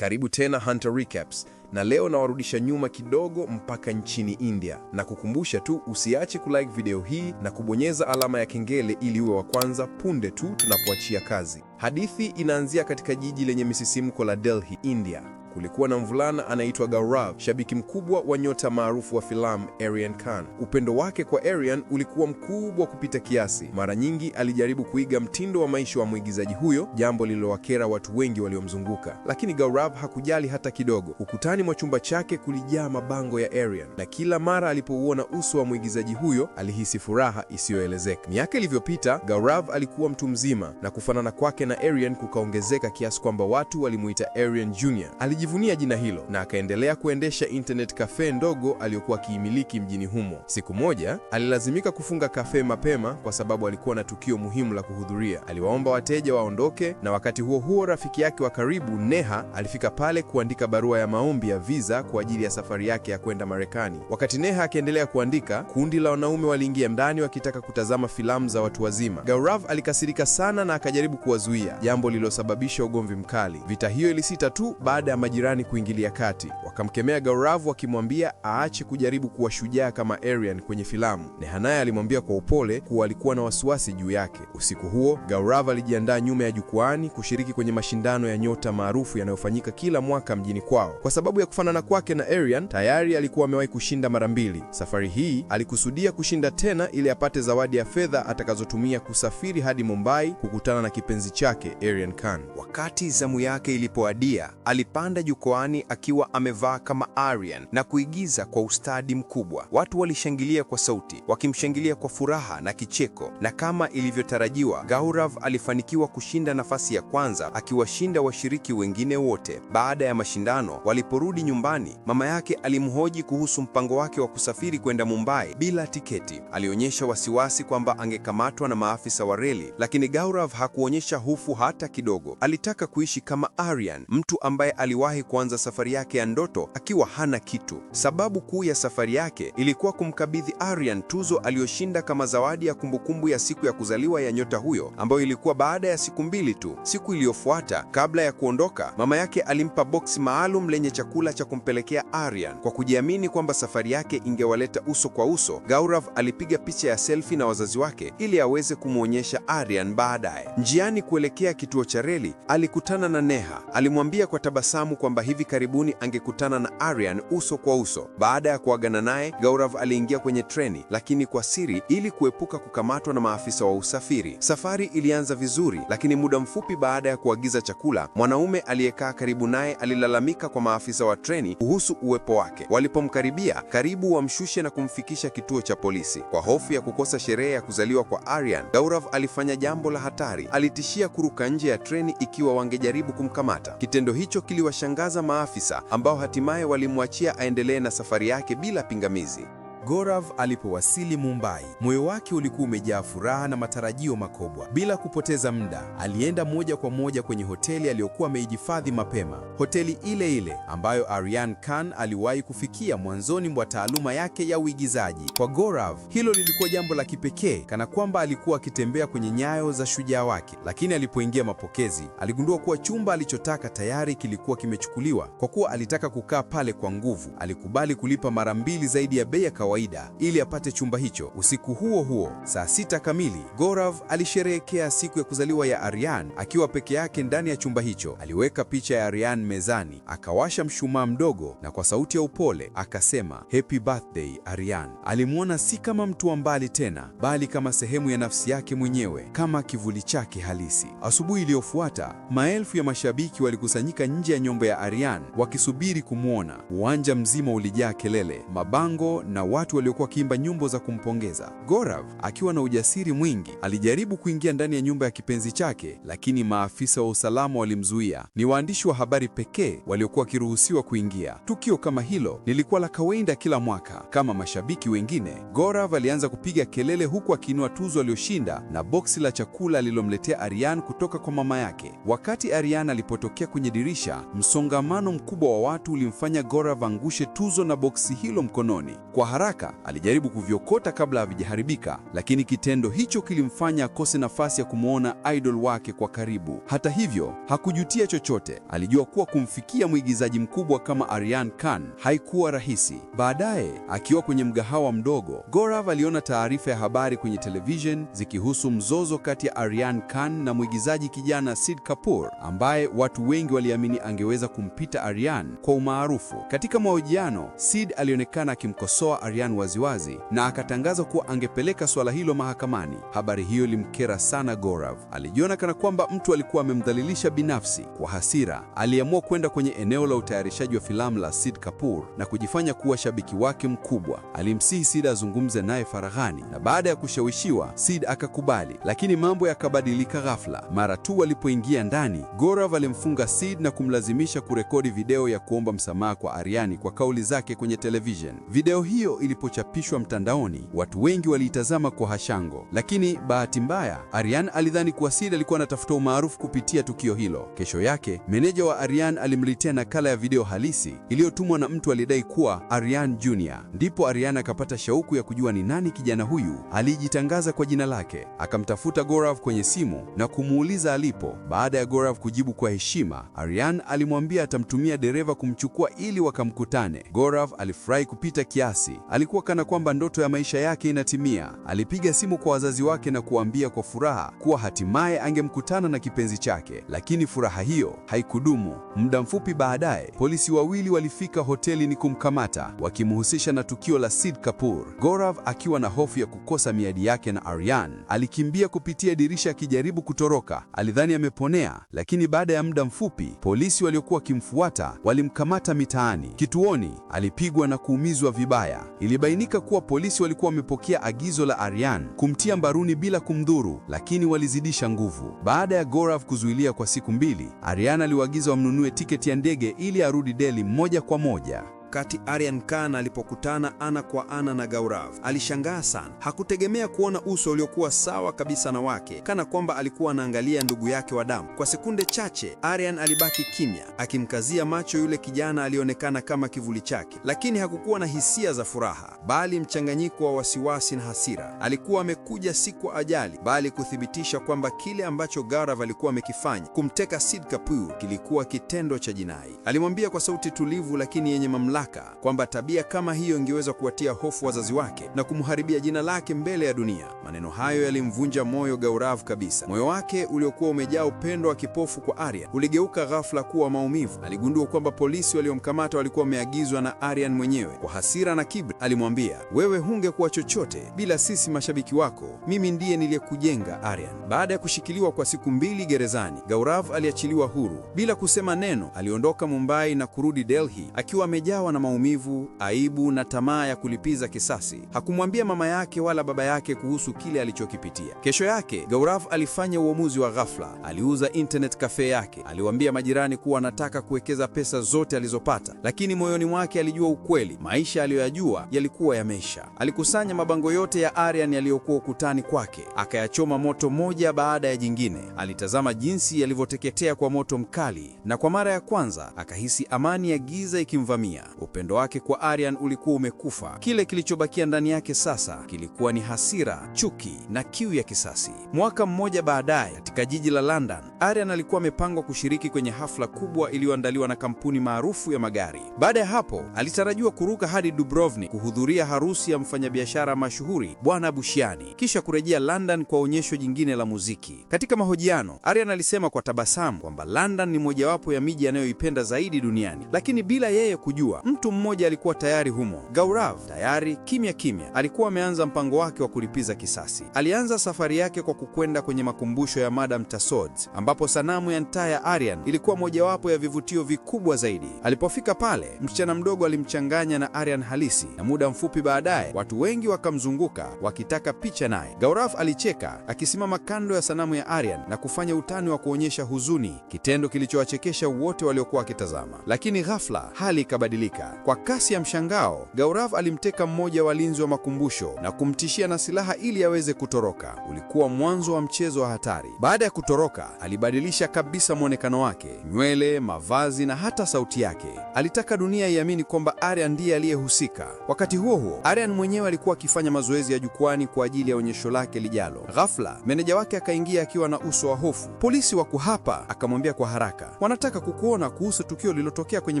Karibu tena Hunter Recaps, na leo nawarudisha nyuma kidogo mpaka nchini India, na kukumbusha tu usiache kulike video hii na kubonyeza alama ya kengele ili uwe wa kwanza punde tu tunapoachia kazi. Hadithi inaanzia katika jiji lenye misisimko la Delhi, India kulikuwa na mvulana anaitwa Gaurav, shabiki mkubwa wa nyota maarufu wa filamu Aryan Khan. Upendo wake kwa Aryan ulikuwa mkubwa kupita kiasi. Mara nyingi alijaribu kuiga mtindo wa maisha wa mwigizaji huyo, jambo lililowakera watu wengi waliomzunguka. Lakini Gaurav hakujali hata kidogo. Ukutani mwa chumba chake kulijaa mabango ya Aryan, na kila mara alipouona uso wa mwigizaji huyo alihisi furaha isiyoelezeka. Miaka ilivyopita, Gaurav alikuwa mtu mzima na kufanana kwake na Aryan kukaongezeka kiasi kwamba watu walimuita Aryan Junior alijivunia jina hilo na akaendelea kuendesha internet cafe ndogo aliyokuwa akiimiliki mjini humo. Siku moja alilazimika kufunga cafe mapema kwa sababu alikuwa na tukio muhimu la kuhudhuria. Aliwaomba wateja waondoke, na wakati huo huo rafiki yake wa karibu Neha alifika pale kuandika barua ya maombi ya visa kwa ajili ya safari yake ya kwenda Marekani. Wakati Neha akiendelea kuandika, kundi la wanaume waliingia ndani wakitaka kutazama filamu za watu wazima. Gaurav alikasirika sana na akajaribu kuwazuia, jambo lililosababisha ugomvi mkali. Vita hiyo ilisita tu baada ya majirani kuingilia kati. Wakamkemea Gaurav wakimwambia aache kujaribu kuwa shujaa kama Aryan kwenye filamu. Nehanaya alimwambia kwa upole kuwa alikuwa na wasiwasi juu yake. Usiku huo, Gaurav alijiandaa nyuma ya jukwaani kushiriki kwenye mashindano ya nyota maarufu yanayofanyika kila mwaka mjini kwao. Kwa sababu ya kufanana kwake na Aryan, tayari alikuwa amewahi kushinda mara mbili. Safari hii alikusudia kushinda tena ili apate zawadi ya fedha atakazotumia kusafiri hadi Mumbai kukutana na kipenzi chake Aryan Khan. Wakati zamu yake ilipoadia, alipanda alipanda jukwaani akiwa amevaa kama Aryan na kuigiza kwa ustadi mkubwa. Watu walishangilia kwa sauti, wakimshangilia kwa furaha na kicheko, na kama ilivyotarajiwa, Gaurav alifanikiwa kushinda nafasi ya kwanza akiwashinda washiriki wengine wote. Baada ya mashindano, waliporudi nyumbani, mama yake alimhoji kuhusu mpango wake wa kusafiri kwenda Mumbai bila tiketi. Alionyesha wasiwasi kwamba angekamatwa na maafisa wa reli, lakini Gaurav hakuonyesha hofu hata kidogo. Alitaka kuishi kama Aryan, mtu ambaye aliwa hakuwahi kuanza safari yake ya ndoto akiwa hana kitu. Sababu kuu ya safari yake ilikuwa kumkabidhi Aryan tuzo aliyoshinda kama zawadi ya kumbukumbu ya siku ya kuzaliwa ya nyota huyo, ambayo ilikuwa baada ya siku mbili tu. Siku iliyofuata, kabla ya kuondoka, mama yake alimpa boksi maalum lenye chakula cha kumpelekea Aryan. Kwa kujiamini kwamba safari yake ingewaleta uso kwa uso, Gaurav alipiga picha ya selfie na wazazi wake ili aweze kumwonyesha Aryan baadaye. Njiani kuelekea kituo cha reli, alikutana na Neha. Alimwambia kwa tabasamu kwamba hivi karibuni angekutana na Aryan uso kwa uso. Baada ya kuagana naye, Gaurav aliingia kwenye treni, lakini kwa siri ili kuepuka kukamatwa na maafisa wa usafiri. Safari ilianza vizuri, lakini muda mfupi baada ya kuagiza chakula, mwanaume aliyekaa karibu naye alilalamika kwa maafisa wa treni kuhusu uwepo wake. Walipomkaribia karibu wamshushe na kumfikisha kituo cha polisi. Kwa hofu ya kukosa sherehe ya kuzaliwa kwa Aryan, Gaurav alifanya jambo la hatari. Alitishia kuruka nje ya treni ikiwa wangejaribu kumkamata. Kitendo hicho kiliwashangaza alishangaza maafisa ambao hatimaye walimwachia aendelee na safari yake bila pingamizi. Gaurav alipowasili Mumbai, moyo wake ulikuwa umejaa furaha na matarajio makubwa. Bila kupoteza muda, alienda moja kwa moja kwenye hoteli aliyokuwa ameijifadhi mapema, hoteli ile ile ambayo Aryan Khan aliwahi kufikia mwanzoni mwa taaluma yake ya uigizaji. Kwa Gaurav, hilo lilikuwa jambo la kipekee, kana kwamba alikuwa akitembea kwenye nyayo za shujaa wake. Lakini alipoingia mapokezi, aligundua kuwa chumba alichotaka tayari kilikuwa kimechukuliwa. Kwa kuwa alitaka kukaa pale kwa nguvu, alikubali kulipa mara mbili zaidi ya bei ya kawaida kawaida ili apate chumba hicho. Usiku huo huo, saa sita kamili, Gaurav alisherehekea siku ya kuzaliwa ya Aryan akiwa peke yake ndani ya chumba hicho. Aliweka picha ya Aryan mezani, akawasha mshumaa mdogo, na kwa sauti ya upole akasema, Happy birthday Aryan. Alimwona si kama mtu wa mbali tena, bali kama sehemu ya nafsi yake mwenyewe, kama kivuli chake halisi. Asubuhi iliyofuata, maelfu ya mashabiki walikusanyika nje ya nyumba ya Aryan wakisubiri kumwona. Uwanja mzima ulijaa kelele, mabango na watu waliokuwa wakiimba nyimbo za kumpongeza. Gorav akiwa na ujasiri mwingi alijaribu kuingia ndani ya nyumba ya kipenzi chake, lakini maafisa wa usalama walimzuia. Ni waandishi wa habari pekee waliokuwa wakiruhusiwa kuingia. Tukio kama hilo lilikuwa la kawaida kila mwaka. Kama mashabiki wengine, Gorav alianza kupiga kelele huku akiinua tuzo aliyoshinda na boksi la chakula alilomletea Aryan kutoka kwa mama yake. Wakati Aryan alipotokea kwenye dirisha, msongamano mkubwa wa watu ulimfanya Gorav angushe tuzo na boksi hilo mkononi kwa haraka haraka, alijaribu kuviokota kabla havijaharibika, lakini kitendo hicho kilimfanya akose nafasi ya kumwona idol wake kwa karibu. Hata hivyo, hakujutia chochote. Alijua kuwa kumfikia mwigizaji mkubwa kama Aryan Khan haikuwa rahisi. Baadaye, akiwa kwenye mgahawa mdogo, Gaurav aliona taarifa ya habari kwenye television zikihusu mzozo kati ya Aryan Khan na mwigizaji kijana Sid Kapoor, ambaye watu wengi waliamini angeweza kumpita Aryan kwa umaarufu. Katika mahojiano, Sid alionekana akimkosoa Aryan Marian waziwazi na akatangaza kuwa angepeleka suala hilo mahakamani. Habari hiyo ilimkera sana Gaurav. Alijiona kana kwamba mtu alikuwa amemdhalilisha binafsi. Kwa hasira, aliamua kwenda kwenye eneo la utayarishaji wa filamu la Sid Kapoor na kujifanya kuwa shabiki wake mkubwa. Alimsihi Sid azungumze naye faraghani, na baada ya kushawishiwa, Sid akakubali, lakini mambo yakabadilika ghafla. Mara tu walipoingia ndani, Gaurav alimfunga Sid na kumlazimisha kurekodi video ya kuomba msamaha kwa Aryani kwa kauli zake kwenye television. Video hiyo ilipochapishwa mtandaoni, watu wengi waliitazama kwa hashango, lakini bahati mbaya, Aryan alidhani kuwa Sid alikuwa anatafuta umaarufu kupitia tukio hilo. Kesho yake, meneja wa Aryan alimletea nakala ya video halisi iliyotumwa na mtu aliyedai kuwa Aryan Junior. Ndipo Aryan akapata shauku ya kujua ni nani kijana huyu alijitangaza kwa jina lake. Akamtafuta Gaurav kwenye simu na kumuuliza alipo. Baada ya Gaurav kujibu kwa heshima, Aryan alimwambia atamtumia dereva kumchukua ili wakamkutane. Gaurav alifurahi kupita kiasi. Alikuwa kana kwamba ndoto ya maisha yake inatimia. Alipiga simu kwa wazazi wake na kuambia kwa furaha kuwa hatimaye angemkutana na kipenzi chake, lakini furaha hiyo haikudumu. Muda mfupi baadaye, polisi wawili walifika hoteli ni kumkamata, wakimhusisha na tukio la Sid Kapoor. Gaurav akiwa na hofu ya kukosa miadi yake na Aryan, alikimbia kupitia dirisha akijaribu kutoroka. Alidhani ameponea, lakini baada ya muda mfupi, polisi waliokuwa wakimfuata walimkamata mitaani. Kituoni alipigwa na kuumizwa vibaya. Ilibainika kuwa polisi walikuwa wamepokea agizo la Aryan kumtia mbaruni bila kumdhuru, lakini walizidisha nguvu. Baada ya Gaurav kuzuilia kwa siku mbili, Aryan aliwaagiza wamnunue tiketi ya ndege ili arudi Delhi moja kwa moja wakati Aryan Khan alipokutana ana kwa ana na Gaurav. Alishangaa sana, hakutegemea kuona uso uliokuwa sawa kabisa na wake, kana kwamba alikuwa anaangalia ndugu yake wa damu. Kwa sekunde chache, Aryan alibaki kimya, akimkazia macho yule kijana alionekana kama kivuli chake, lakini hakukuwa na hisia za furaha, bali mchanganyiko wa wasiwasi na hasira. Alikuwa amekuja si kwa ajali, bali kuthibitisha kwamba kile ambacho Gaurav alikuwa amekifanya, kumteka Sid Kapoor, kilikuwa kitendo cha jinai. Alimwambia kwa sauti tulivu lakini yenye mamlaka mamlaka, kwamba tabia kama hiyo ingeweza kuwatia hofu wazazi wake na kumharibia jina lake mbele ya dunia. Maneno hayo yalimvunja moyo Gaurav kabisa. Moyo wake uliokuwa umejaa upendo wa kipofu kwa Aryan uligeuka ghafla kuwa maumivu. Aligundua kwamba polisi waliomkamata walikuwa wameagizwa na Aryan mwenyewe. Kwa hasira na kibri, alimwambia, wewe hungekuwa chochote bila sisi mashabiki wako. Mimi ndiye niliyekujenga Aryan. Baada ya kushikiliwa kwa siku mbili gerezani, Gaurav aliachiliwa huru bila kusema neno. Aliondoka Mumbai na kurudi Delhi akiwa amejawa alikuwa na maumivu, aibu na tamaa ya kulipiza kisasi. Hakumwambia mama yake wala baba yake kuhusu kile alichokipitia. Kesho yake Gaurav alifanya uamuzi wa ghafla. Aliuza internet cafe yake, aliwaambia majirani kuwa anataka kuwekeza pesa zote alizopata, lakini moyoni mwake alijua ukweli. Maisha aliyoyajua yalikuwa yameisha. Alikusanya mabango yote ya Aryan yaliyokuwa ukutani kwake, akayachoma moto moja baada ya jingine. Alitazama jinsi yalivyoteketea kwa moto mkali, na kwa mara ya kwanza akahisi amani ya giza ikimvamia. Upendo wake kwa Aryan ulikuwa umekufa. Kile kilichobakia ndani yake sasa kilikuwa ni hasira, chuki na kiu ya kisasi. Mwaka mmoja baadaye, katika jiji la London, Aryan alikuwa amepangwa kushiriki kwenye hafla kubwa iliyoandaliwa na kampuni maarufu ya magari. Baada ya hapo, alitarajiwa kuruka hadi Dubrovnik kuhudhuria harusi ya mfanyabiashara mashuhuri Bwana Bushiani, kisha kurejea London kwa onyesho jingine la muziki. Katika mahojiano, Aryan alisema kwa tabasamu kwamba London ni mojawapo ya miji anayoipenda zaidi duniani, lakini bila yeye kujua Mtu mmoja alikuwa tayari humo, Gaurav. Tayari kimya kimya alikuwa ameanza mpango wake wa kulipiza kisasi. Alianza safari yake kwa kukwenda kwenye makumbusho ya Madam Tussauds, ambapo sanamu ya nta ya Aryan ilikuwa mojawapo ya vivutio vikubwa zaidi. Alipofika pale, msichana mdogo alimchanganya na Aryan halisi, na muda mfupi baadaye watu wengi wakamzunguka wakitaka picha naye. Gaurav alicheka akisimama kando ya sanamu ya Aryan na kufanya utani wa kuonyesha huzuni, kitendo kilichowachekesha wote waliokuwa wakitazama. Lakini ghafla hali ikabadilika. Amerika. Kwa kasi ya mshangao, Gaurav alimteka mmoja walinzi wa makumbusho na kumtishia na silaha ili aweze kutoroka. Ulikuwa mwanzo wa mchezo wa hatari. Baada ya kutoroka, alibadilisha kabisa mwonekano wake, nywele, mavazi na hata sauti yake. Alitaka dunia iamini kwamba Aryan ndiye aliyehusika. Wakati huo huo, Aryan mwenyewe alikuwa akifanya mazoezi ya jukwani kwa ajili ya onyesho lake lijalo. Ghafla, meneja wake akaingia akiwa na uso wa hofu. Polisi wako hapa, akamwambia kwa haraka. Wanataka kukuona kuhusu tukio lililotokea kwenye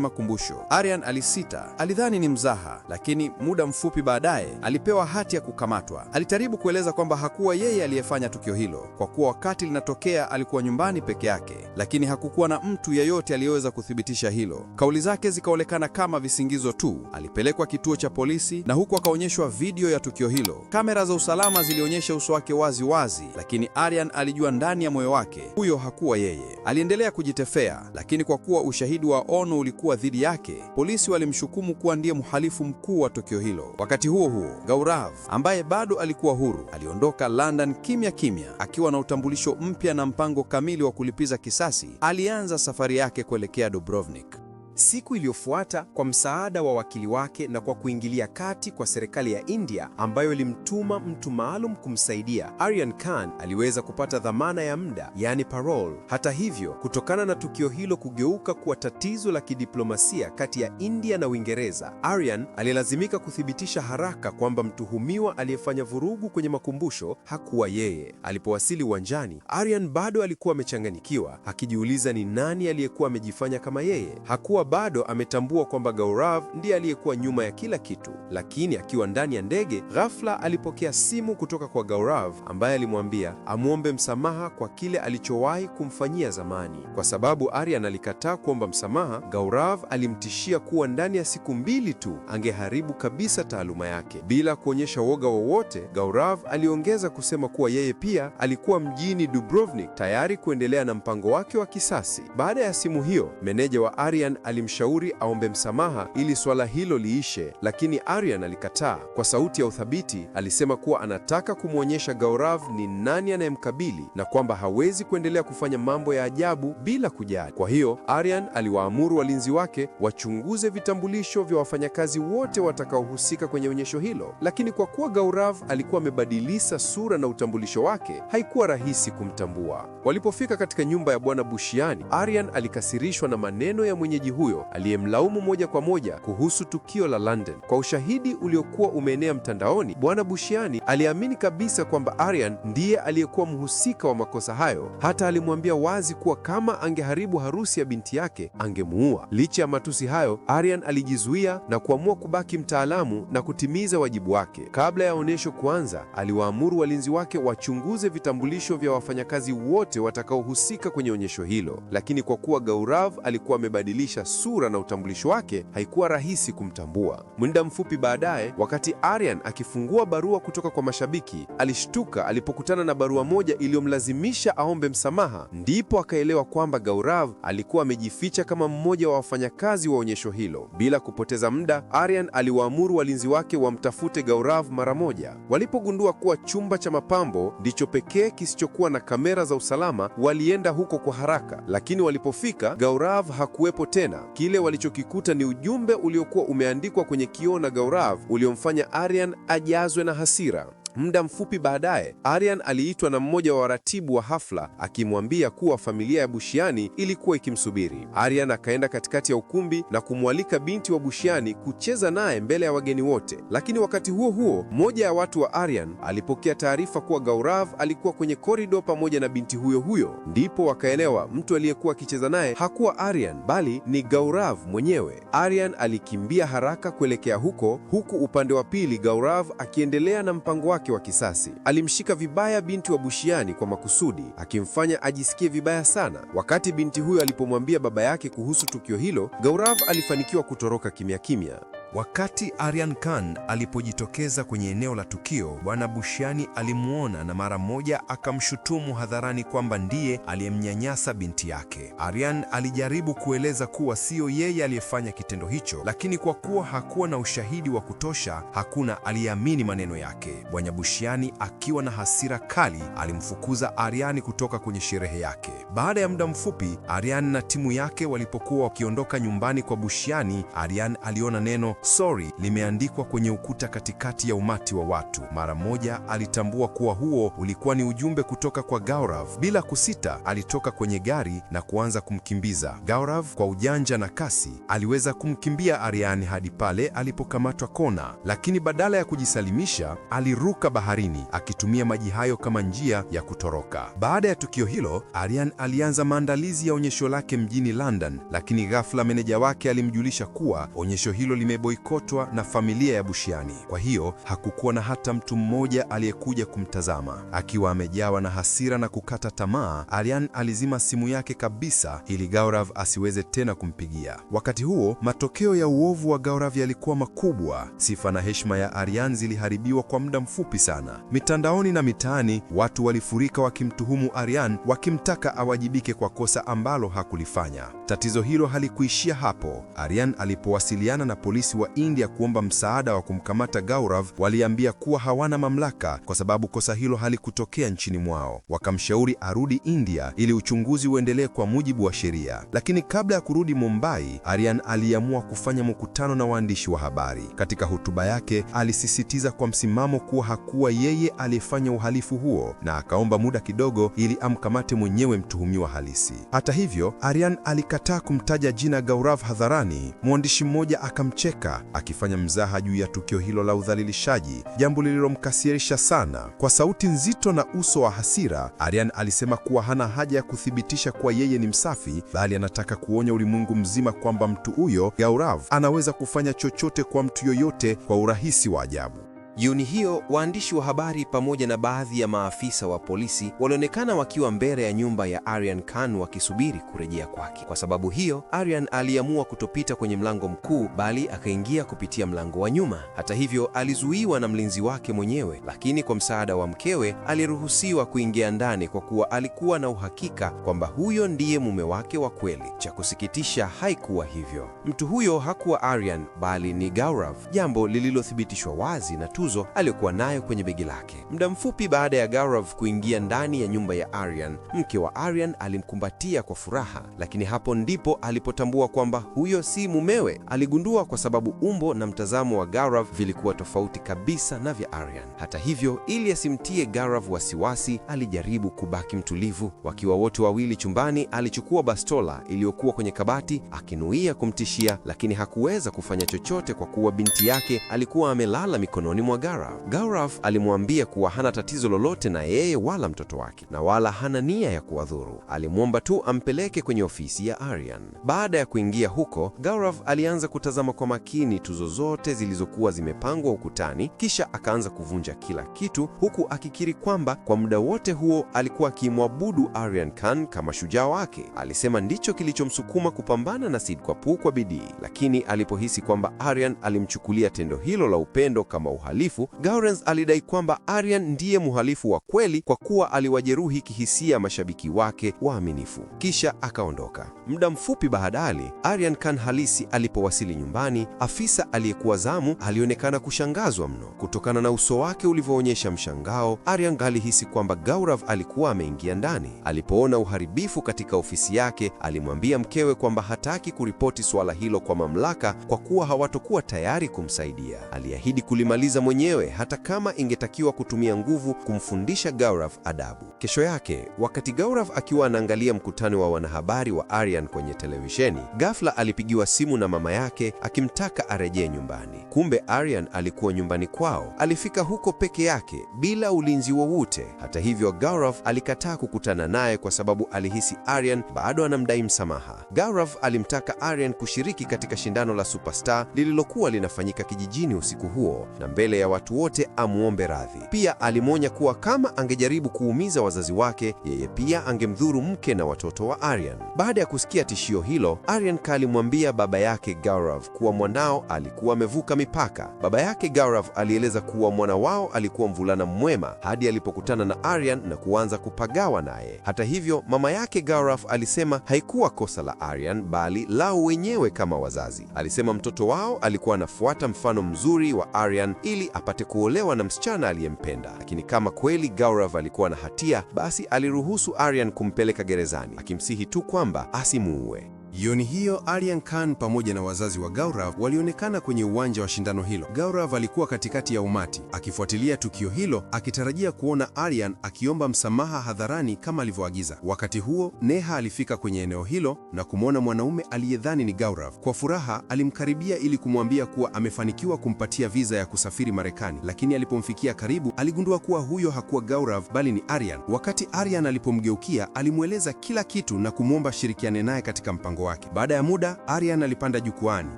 makumbusho. Aryan alis sita. Alidhani ni mzaha, lakini muda mfupi baadaye alipewa hati ya kukamatwa. Alijaribu kueleza kwamba hakuwa yeye aliyefanya tukio hilo, kwa kuwa wakati linatokea alikuwa nyumbani peke yake, lakini hakukuwa na mtu yeyote aliyeweza kuthibitisha hilo. Kauli zake zikaonekana kama visingizo tu. Alipelekwa kituo cha polisi na huku akaonyeshwa video ya tukio hilo. Kamera za usalama zilionyesha uso wake wazi wazi, lakini Aryan alijua ndani ya moyo wake huyo hakuwa yeye. Aliendelea kujitefea, lakini kwa kuwa ushahidi wa ono ulikuwa dhidi yake, polisi polisi walimshukumu kuwa ndiye mhalifu mkuu wa tukio hilo. Wakati huo huo, Gaurav ambaye bado alikuwa huru aliondoka London kimya kimya, akiwa na utambulisho mpya na mpango kamili wa kulipiza kisasi. Alianza safari yake kuelekea Dubrovnik. Siku iliyofuata, kwa msaada wa wakili wake na kwa kuingilia kati kwa serikali ya India ambayo ilimtuma mtu maalum kumsaidia, Aryan Khan aliweza kupata dhamana ya muda, yani parole. Hata hivyo, kutokana na tukio hilo kugeuka kuwa tatizo la kidiplomasia kati ya India na Uingereza, Aryan alilazimika kuthibitisha haraka kwamba mtuhumiwa aliyefanya vurugu kwenye makumbusho hakuwa yeye. Alipowasili uwanjani, Aryan bado alikuwa amechanganyikiwa, akijiuliza ni nani aliyekuwa amejifanya kama yeye. Hakuwa bado ametambua kwamba Gaurav ndiye aliyekuwa nyuma ya kila kitu. Lakini akiwa ndani ya ndege, ghafla alipokea simu kutoka kwa Gaurav ambaye alimwambia amwombe msamaha kwa kile alichowahi kumfanyia zamani. Kwa sababu Aryan alikataa kuomba msamaha, Gaurav alimtishia kuwa ndani ya siku mbili tu angeharibu kabisa taaluma yake. Bila kuonyesha woga wowote, Gaurav aliongeza kusema kuwa yeye pia alikuwa mjini Dubrovnik tayari kuendelea na mpango wake wa kisasi. Baada ya simu hiyo, meneja wa Aryan ali alimshauri aombe msamaha ili swala hilo liishe, lakini Aryan alikataa. Kwa sauti ya uthabiti alisema kuwa anataka kumwonyesha Gaurav ni nani anayemkabili na kwamba hawezi kuendelea kufanya mambo ya ajabu bila kujali. Kwa hiyo Aryan aliwaamuru walinzi wake wachunguze vitambulisho vya wafanyakazi wote watakaohusika kwenye onyesho hilo, lakini kwa kuwa Gaurav alikuwa amebadilisha sura na utambulisho wake, haikuwa rahisi kumtambua. Walipofika katika nyumba ya Bwana Bushiani, Aryan alikasirishwa na maneno ya mwenyeji huyo aliyemlaumu moja kwa moja kuhusu tukio la London. Kwa ushahidi uliokuwa umeenea mtandaoni, Bwana Bushiani aliamini kabisa kwamba Aryan ndiye aliyekuwa mhusika wa makosa hayo. Hata alimwambia wazi kuwa kama angeharibu harusi ya binti yake angemuua. Licha ya matusi hayo, Aryan alijizuia na kuamua kubaki mtaalamu na kutimiza wajibu wake. Kabla ya onyesho kuanza, aliwaamuru walinzi wake wachunguze vitambulisho vya wafanyakazi wote watakaohusika kwenye onyesho hilo, lakini kwa kuwa Gaurav alikuwa amebadilisha sura na utambulisho wake haikuwa rahisi kumtambua. Muda mfupi baadaye, wakati Aryan akifungua barua kutoka kwa mashabiki, alishtuka alipokutana na barua moja iliyomlazimisha aombe msamaha. Ndipo akaelewa kwamba Gaurav alikuwa amejificha kama mmoja wa wafanyakazi wa onyesho hilo. Bila kupoteza muda, Aryan aliwaamuru walinzi wake wamtafute Gaurav mara moja. Walipogundua kuwa chumba cha mapambo ndicho pekee kisichokuwa na kamera za usalama, walienda huko kwa haraka, lakini walipofika, Gaurav hakuwepo tena. Kile walichokikuta ni ujumbe uliokuwa umeandikwa kwenye kioo na Gaurav uliomfanya Aryan ajazwe na hasira. Muda mfupi baadaye, Aryan aliitwa na mmoja wa waratibu wa hafla akimwambia kuwa familia ya Bushiani ilikuwa ikimsubiri. Aryan akaenda katikati ya ukumbi na kumwalika binti wa Bushiani kucheza naye mbele ya wageni wote. Lakini wakati huo huo, mmoja ya watu wa Aryan alipokea taarifa kuwa Gaurav alikuwa kwenye korido pamoja na binti huyo huyo. Ndipo wakaelewa mtu aliyekuwa akicheza naye hakuwa Aryan bali ni Gaurav mwenyewe. Aryan alikimbia haraka kuelekea huko, huku upande wa pili Gaurav akiendelea na mpango wake wake wa kisasi. Alimshika vibaya binti wa Bushiani kwa makusudi, akimfanya ajisikie vibaya sana. Wakati binti huyo alipomwambia baba yake kuhusu tukio hilo, Gaurav alifanikiwa kutoroka kimya kimya. Wakati Aryan Khan alipojitokeza kwenye eneo la tukio, Bwana Bushiani alimwona na mara moja akamshutumu hadharani kwamba ndiye aliyemnyanyasa binti yake. Aryan alijaribu kueleza kuwa siyo yeye aliyefanya kitendo hicho, lakini kwa kuwa hakuwa na ushahidi wa kutosha, hakuna aliyeamini maneno yake. Bwana Bushiani akiwa na hasira kali, alimfukuza Aryan kutoka kwenye sherehe yake. Baada ya muda mfupi, Aryan na timu yake walipokuwa wakiondoka nyumbani kwa Bushiani, Aryan aliona neno sorry limeandikwa kwenye ukuta katikati ya umati wa watu. Mara moja alitambua kuwa huo ulikuwa ni ujumbe kutoka kwa Gaurav. Bila kusita, alitoka kwenye gari na kuanza kumkimbiza Gaurav. Kwa ujanja na kasi, aliweza kumkimbia Aryan hadi pale alipokamatwa kona, lakini badala ya kujisalimisha, aliruka baharini akitumia maji hayo kama njia ya kutoroka. Baada ya tukio hilo, Aryan alianza maandalizi ya onyesho lake mjini London, lakini ghafla meneja wake alimjulisha kuwa onyesho hilo lime alipoikotwa na familia ya Bushiani. Kwa hiyo hakukuwa na hata mtu mmoja aliyekuja kumtazama. Akiwa amejawa na hasira na kukata tamaa, Alian alizima simu yake kabisa ili Gaurav asiweze tena kumpigia. Wakati huo, matokeo ya uovu wa Gaurav yalikuwa makubwa. Sifa na heshima ya Aryan ziliharibiwa kwa muda mfupi sana. Mitandaoni na mitaani, watu walifurika wakimtuhumu Aryan, wakimtaka awajibike kwa kosa ambalo hakulifanya. Tatizo hilo halikuishia hapo. Aryan alipowasiliana na polisi wa India kuomba msaada wa kumkamata Gaurav waliambia kuwa hawana mamlaka kwa sababu kosa hilo halikutokea nchini mwao. Wakamshauri arudi India ili uchunguzi uendelee kwa mujibu wa sheria. Lakini kabla ya kurudi Mumbai, Aryan aliamua kufanya mkutano na waandishi wa habari. Katika hotuba yake alisisitiza kwa msimamo kuwa hakuwa yeye aliyefanya uhalifu huo na akaomba muda kidogo ili amkamate mwenyewe mtuhumiwa halisi. Hata hivyo, Aryan alikataa kumtaja jina Gaurav hadharani. Mwandishi mmoja akamcheka haraka akifanya mzaha juu ya tukio hilo la udhalilishaji, jambo lililomkasirisha sana. Kwa sauti nzito na uso wa hasira, Aryan alisema kuwa hana haja ya kuthibitisha kuwa yeye ni msafi, bali anataka kuonya ulimwengu mzima kwamba mtu huyo Gaurav anaweza kufanya chochote kwa mtu yoyote kwa urahisi wa ajabu. Jioni hiyo waandishi wa habari pamoja na baadhi ya maafisa wa polisi walionekana wakiwa mbele ya nyumba ya Aryan Khan wakisubiri kurejea kwake. Kwa sababu hiyo, Aryan aliamua kutopita kwenye mlango mkuu, bali akaingia kupitia mlango wa nyuma. Hata hivyo, alizuiwa na mlinzi wake mwenyewe, lakini kwa msaada wa mkewe aliruhusiwa kuingia ndani kwa kuwa alikuwa na uhakika kwamba huyo ndiye mume wake wa kweli. Cha kusikitisha, haikuwa hivyo. Mtu huyo hakuwa Aryan bali ni Gaurav, jambo lililothibitishwa wazi na tuzo tuzo aliyokuwa nayo kwenye begi lake. Muda mfupi baada ya Gaurav kuingia ndani ya nyumba ya Aryan, mke wa Aryan alimkumbatia kwa furaha, lakini hapo ndipo alipotambua kwamba huyo si mumewe. Aligundua kwa sababu umbo na mtazamo wa Gaurav vilikuwa tofauti kabisa na vya Aryan. Hata hivyo, ili asimtie Gaurav wasiwasi, alijaribu kubaki mtulivu. Wakiwa wote wawili chumbani, alichukua bastola iliyokuwa kwenye kabati akinuia kumtishia, lakini hakuweza kufanya chochote kwa kuwa binti yake alikuwa amelala mikononi mwa Gaurav. Gaurav alimwambia kuwa hana tatizo lolote na yeye wala mtoto wake, na wala hana nia ya kuwadhuru. Alimwomba tu ampeleke kwenye ofisi ya Aryan. Baada ya kuingia huko, Gaurav alianza kutazama kwa makini tuzo zote zilizokuwa zimepangwa ukutani, kisha akaanza kuvunja kila kitu, huku akikiri kwamba kwa muda wote huo alikuwa akimwabudu Aryan Khan kama shujaa wake. Alisema ndicho kilichomsukuma kupambana na Seed Kapoor kwa bidii, lakini alipohisi kwamba Aryan alimchukulia tendo hilo la upendo kama uhalifu uhalifu, Gaurens alidai kwamba Aryan ndiye mhalifu wa kweli kwa kuwa aliwajeruhi kihisia mashabiki wake waaminifu, kisha akaondoka. Muda mfupi baadaye, Aryan Khan halisi alipowasili nyumbani, afisa aliyekuwa zamu alionekana kushangazwa mno. Kutokana na uso wake ulivyoonyesha mshangao, Aryan alihisi kwamba Gaurav alikuwa ameingia ndani. Alipoona uharibifu katika ofisi yake, alimwambia mkewe kwamba hataki kuripoti suala hilo kwa mamlaka kwa kuwa hawatokuwa tayari kumsaidia. Aliahidi kulimaliza mwenyewe hata kama ingetakiwa kutumia nguvu kumfundisha Gaurav adabu. Kesho yake, wakati Gaurav akiwa anaangalia mkutano wa wanahabari wa Aryan kwenye televisheni, ghafla alipigiwa simu na mama yake akimtaka arejee nyumbani. Kumbe Aryan alikuwa nyumbani kwao. Alifika huko peke yake bila ulinzi wowote. Hata hivyo, Gaurav alikataa kukutana naye kwa sababu alihisi Aryan bado anamdai msamaha. Gaurav alimtaka Aryan kushiriki katika shindano la Superstar lililokuwa linafanyika kijijini usiku huo na mbele ya watu wote amwombe radhi. Pia alimwonya kuwa kama angejaribu kuumiza wazazi wake, yeye pia angemdhuru mke na watoto wa Aryan. Baada ya kusikia tishio hilo, Aryan alimwambia baba yake Gaurav kuwa mwanao alikuwa amevuka mipaka. Baba yake Gaurav alieleza kuwa mwana wao alikuwa mvulana mwema hadi alipokutana na Aryan na kuanza kupagawa naye. Hata hivyo, mama yake Gaurav alisema haikuwa kosa la Aryan bali lao wenyewe kama wazazi. Alisema mtoto wao alikuwa anafuata mfano mzuri wa Aryan ili apate kuolewa na msichana aliyempenda. Lakini kama kweli Gaurav alikuwa na hatia, basi aliruhusu Aryan kumpeleka gerezani, akimsihi tu kwamba asimuue. Jioni hiyo Aryan Khan pamoja na wazazi wa Gaurav walionekana kwenye uwanja wa shindano hilo. Gaurav alikuwa katikati ya umati akifuatilia tukio hilo, akitarajia kuona Aryan akiomba msamaha hadharani kama alivyoagiza. Wakati huo, Neha alifika kwenye eneo hilo na kumwona mwanaume aliyedhani ni Gaurav. Kwa furaha, alimkaribia ili kumwambia kuwa amefanikiwa kumpatia visa ya kusafiri Marekani, lakini alipomfikia karibu, aligundua kuwa huyo hakuwa Gaurav bali ni Aryan. Wakati Aryan alipomgeukia, alimweleza kila kitu na kumwomba shirikiane naye katika mpango mpango wake. Baada ya muda, Aryan alipanda jukwani.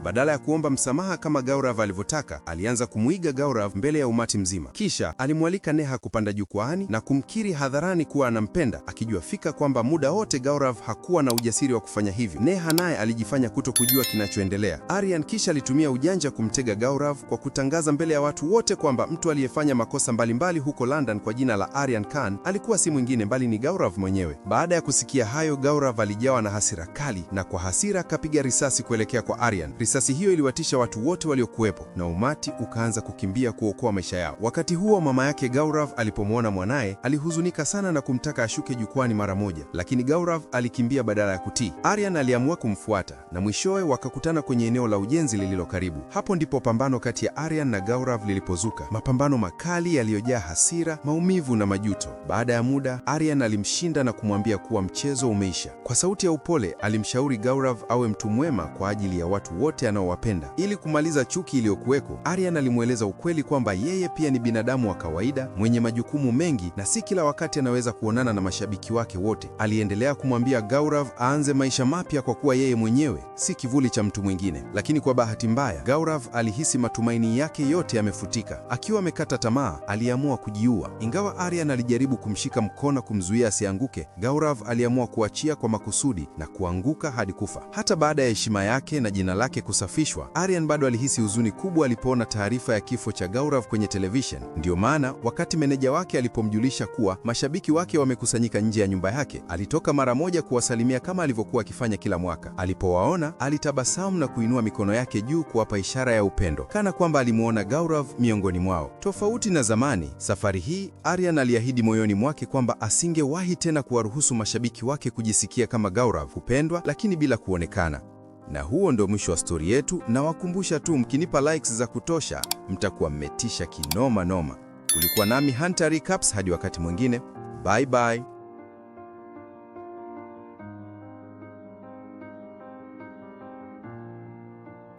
Badala ya kuomba msamaha kama Gaurav alivyotaka, alianza kumwiga Gaurav mbele ya umati mzima. Kisha alimwalika Neha kupanda jukwani na kumkiri hadharani kuwa anampenda, akijua fika kwamba muda wote Gaurav hakuwa na ujasiri wa kufanya hivyo. Neha naye alijifanya kuto kujua kinachoendelea. Aryan kisha alitumia ujanja kumtega Gaurav kwa kutangaza mbele ya watu wote kwamba mtu aliyefanya makosa mbalimbali huko London kwa jina la Aryan Khan alikuwa si mwingine bali ni Gaurav mwenyewe. Baada ya kusikia hayo, Gaurav alijawa na hasira kali na kwa hasira akapiga risasi kuelekea kwa Aryan. Risasi hiyo iliwatisha watu wote waliokuwepo na umati ukaanza kukimbia kuokoa maisha yao. Wakati huo mama yake Gaurav alipomwona mwanaye alihuzunika sana na kumtaka ashuke jukwani mara moja, lakini Gaurav alikimbia badala ya kutii. Aryan aliamua kumfuata na mwishowe wakakutana kwenye eneo la ujenzi lililo karibu. Hapo ndipo pambano kati ya Aryan na Gaurav lilipozuka, mapambano makali yaliyojaa hasira, maumivu na majuto. Baada ya muda, Aryan alimshinda na kumwambia kuwa mchezo umeisha. Kwa sauti ya upole alimshauri Gaurav awe mtu mwema kwa ajili ya watu wote anaowapenda. Ili kumaliza chuki iliyokuweko, Aryan alimweleza ukweli kwamba yeye pia ni binadamu wa kawaida mwenye majukumu mengi na si kila wakati anaweza kuonana na mashabiki wake wote. Aliendelea kumwambia Gaurav aanze maisha mapya kwa kuwa yeye mwenyewe si kivuli cha mtu mwingine. Lakini kwa bahati mbaya, Gaurav alihisi matumaini yake yote yamefutika. Akiwa amekata tamaa, aliamua kujiua. Ingawa Aryan alijaribu kumshika mkono kumzuia asianguke, Gaurav aliamua kuachia kwa makusudi na kuanguka hadi alikufa. Hata baada ya heshima yake na jina lake kusafishwa, Aryan bado alihisi huzuni kubwa alipoona taarifa ya kifo cha Gaurav kwenye television. Ndiyo maana wakati meneja wake alipomjulisha kuwa mashabiki wake wamekusanyika nje ya nyumba yake, alitoka mara moja kuwasalimia kama alivyokuwa akifanya kila mwaka. Alipowaona, alitabasamu na kuinua mikono yake juu kuwapa ishara ya upendo, kana kwamba alimuona Gaurav miongoni mwao. Tofauti na zamani, safari hii Aryan aliahidi moyoni mwake kwamba asingewahi tena kuwaruhusu mashabiki wake kujisikia kama Gaurav kupendwa, lakini bila kuonekana. Na huo ndo mwisho wa stori yetu, na wakumbusha tu, mkinipa likes za kutosha mtakuwa mmetisha kinoma noma. Ulikuwa nami Hunter Recaps, hadi wakati mwingine, bye bye.